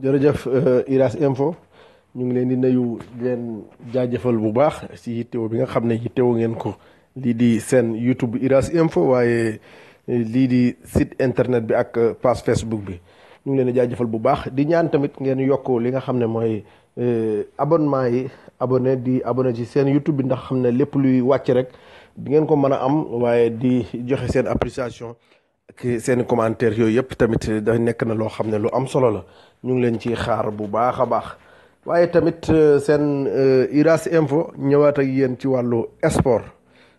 jërëjëf Uras euh, Info ñu ngi leen di nayu di leen jaajëfal bu baax si yittewoo bi nga xam ne yittewoo ngeen ko lii di seen YouTube Uras Info waaye euh, lii di sit internet bi ak euh, page Facebook bi ñu ngi leen di jaajëfal bu baax di ñaan tamit ngeen yokk li nga xam ne mooy abonnement yi abone di abone ci seen YouTube bi ndax xam ne lépp luy wàcc rek di ngeen ko mën a am waaye di joxe seen appréciation seen commentaire yooyu yëpp tamit day nekk na loo xam ne lu am solo la ñu ngi leen ci xaar bu baax baax waaye tamit euh, seen euh, iras info ñëwaat ak yéen ci wàllu sport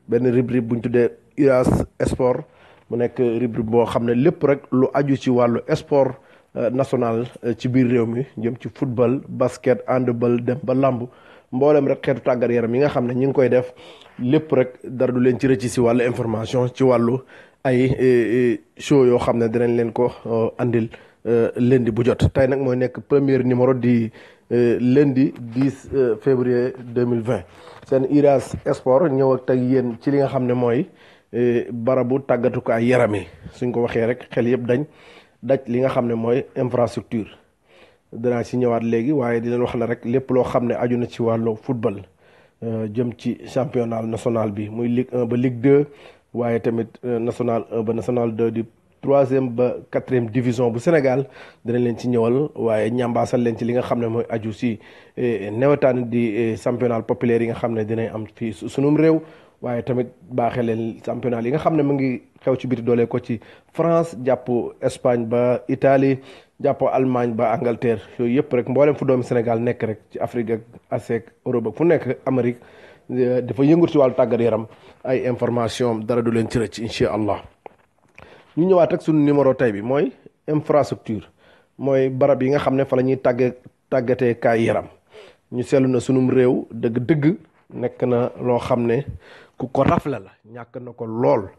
benn ribrib buñ tuddee iras esport, mu nekk ribrib boo xam ne lépp rek lu aju ci wàllu sport euh, national ci biir réew mi jëm ci football basket handball dem ba lamb mboolem rek xeetu tàggat yaram yi nga xam ne ñi ngi koy def lépp rek dara du leen ci rëcc si wàllu information ci wàllu ay e, e, show yoo xam ne dinañ leen ko e, andil lundi bu jot tey nag mooy nekk premier numéro di lundi 10 février 2020 seen Uras Sport ñëw ak yéen ci li nga xam ne mooy barabu tàggatukaay yaram yi suñ ko waxee rek xel yëpp dañ daj li nga xam ne mooy infrastructure danaa si ñëwaat léegi waaye di leen wax ne rek lépp loo xam ne aju na ci wàllu football euh, jëm ci championnat national bi muy Ligue ba Ligue 2 waaye tamit euh, national ba national deux di troisième ba quatrième division bu Sénégal dinañ leen ci ñëwal waaye ñambaasal leen ci li nga xam ne mooy aju si euh, newetaan di championnat populaire yi nga xam ne dinañ am fii sunum réew waaye tamit baaxee leen kan, championnat yi nga xam ne mu ngi xew ci biti doole ko ci france jàpp espagne ba italie jàpp allemagne ba angleterre yooyu yëpp rek mboolem fu doomi sénégal nekk rek ci afrique ak aseg europe ak fu nekk amérique dafa yëngul ci wàllu tàggat yaram ay information dara du leen ci rëcc incha allah ñu ñëwaat ak suñu numéro tey bi mooy infrastructure mooy barab yi nga xam ne fa la ñuy tàgg tàggatee kaay yaram ñu seetlu na sunum réew dëgg dëgg nekk na loo xam ne ku ko rafle la ñàkk na ko lool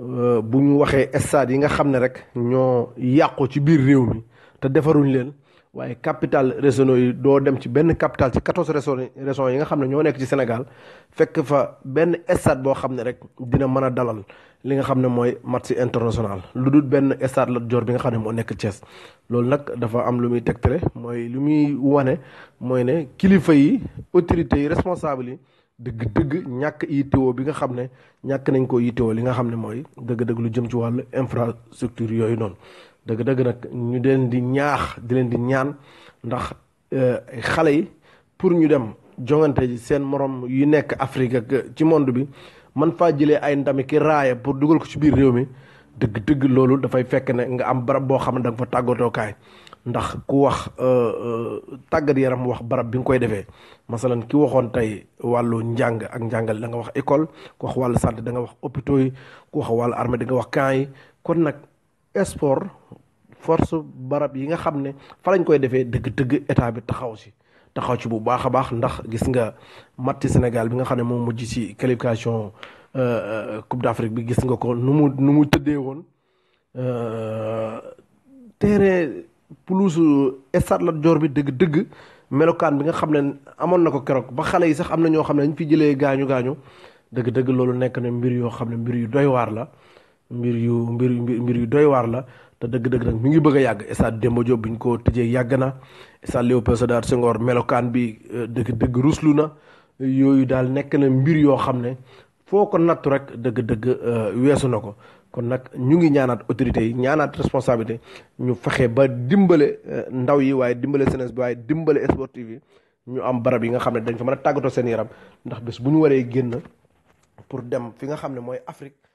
euh, bu ñu waxee estade yi nga xam ne rek ñoo yàqu ci biir réew mi te defaruñ leen waaye capital régionaux yi doo dem ci benn capital ci quatorze régions yi nga xam ne ñoo nekk ci Sénégal fekk fa benn estade boo xam ne rek dina mën a dalal li nga xam ne mooy match international lu dul benn stade Lat Dior bi nga xam ne moo nekk Thiès loolu nag dafa am lu muy teg tegtale mooy lu muy wane mooy ne kilifa yi autorités yi responsables yi dëgg-dëgg ñàkk yittewoo bi nga xam ne ñàkk nañ ko yittewoo li nga xam ne mooy dëgg-dëgg lu jëm ci wàllu infrastructure yooyu noonu dëgg-dëgg nag ñu leen di ñaax di leen di ñaan ndax eh, xale yi pour ñu dem jongante ji seen morom yu nekk Afrique ak ci monde bi man faa jëlee ay ndami ki raaya pour dugal ko ci biir réew mi dëgg-dëgg loolu dafay fekk ne nga am barab boo xam ne da nga fa tàggatoo ndax ku wax euh, euh, tàggat yaram wax barab bi nga koy defee masalan ki waxoon tey wàllu njàng ak njàngal da nga wax école ku wax wàllu santé da nga wax hôpitaux yi ku wax wàllu armée da nga wax camp kon nag sport force barab yi nga xam ne fa lañ koy defee dëgg-dëgg état bi taxaw si taxaw ci bu baax a baax ndax gis nga matti Sénégal bi nga xam ne moom mujj ci qualification euh, Coupe d'Afrique bi gis nga ko nu mu nu mu tëddee woon terrain pelouse stade la Dior bi dëgg dëgg melokaan bi nga xam ne amoon na ko keroog ba xale yi sax am na ñoo xam ne dañ fi jëlee gaañu gaañu dëgg dëgg loolu nekk na mbir yoo xam ne mbir yu doy waar la mbir yu mbir mbir yu doy waar la te dëgg-dëgg nag mi ngi bëgg a yàgg stade Demba Diop bi ñu ko tëjee yàgg na stade Léopold Sédar Senghor melokaan bi euh, dëgg dëgg ruslu na yooyu daal nekk na mbir yoo xam ne foo ko nattu rek dëgg-dëgg euh, weesu na ko kon nag ñu ngi ñaanaat autorités yi ñaanaat responsabilité ñu fexe ba dimbale euh, ndaw yi waaye dimbale jeunesse bi waaye dimbale sportif yi ñu am barab yi nga xam ne dañ fa mën a tàggatoo seen yaram ndax bés bu ñu waree génn pour dem fi nga xam ne mooy Afrique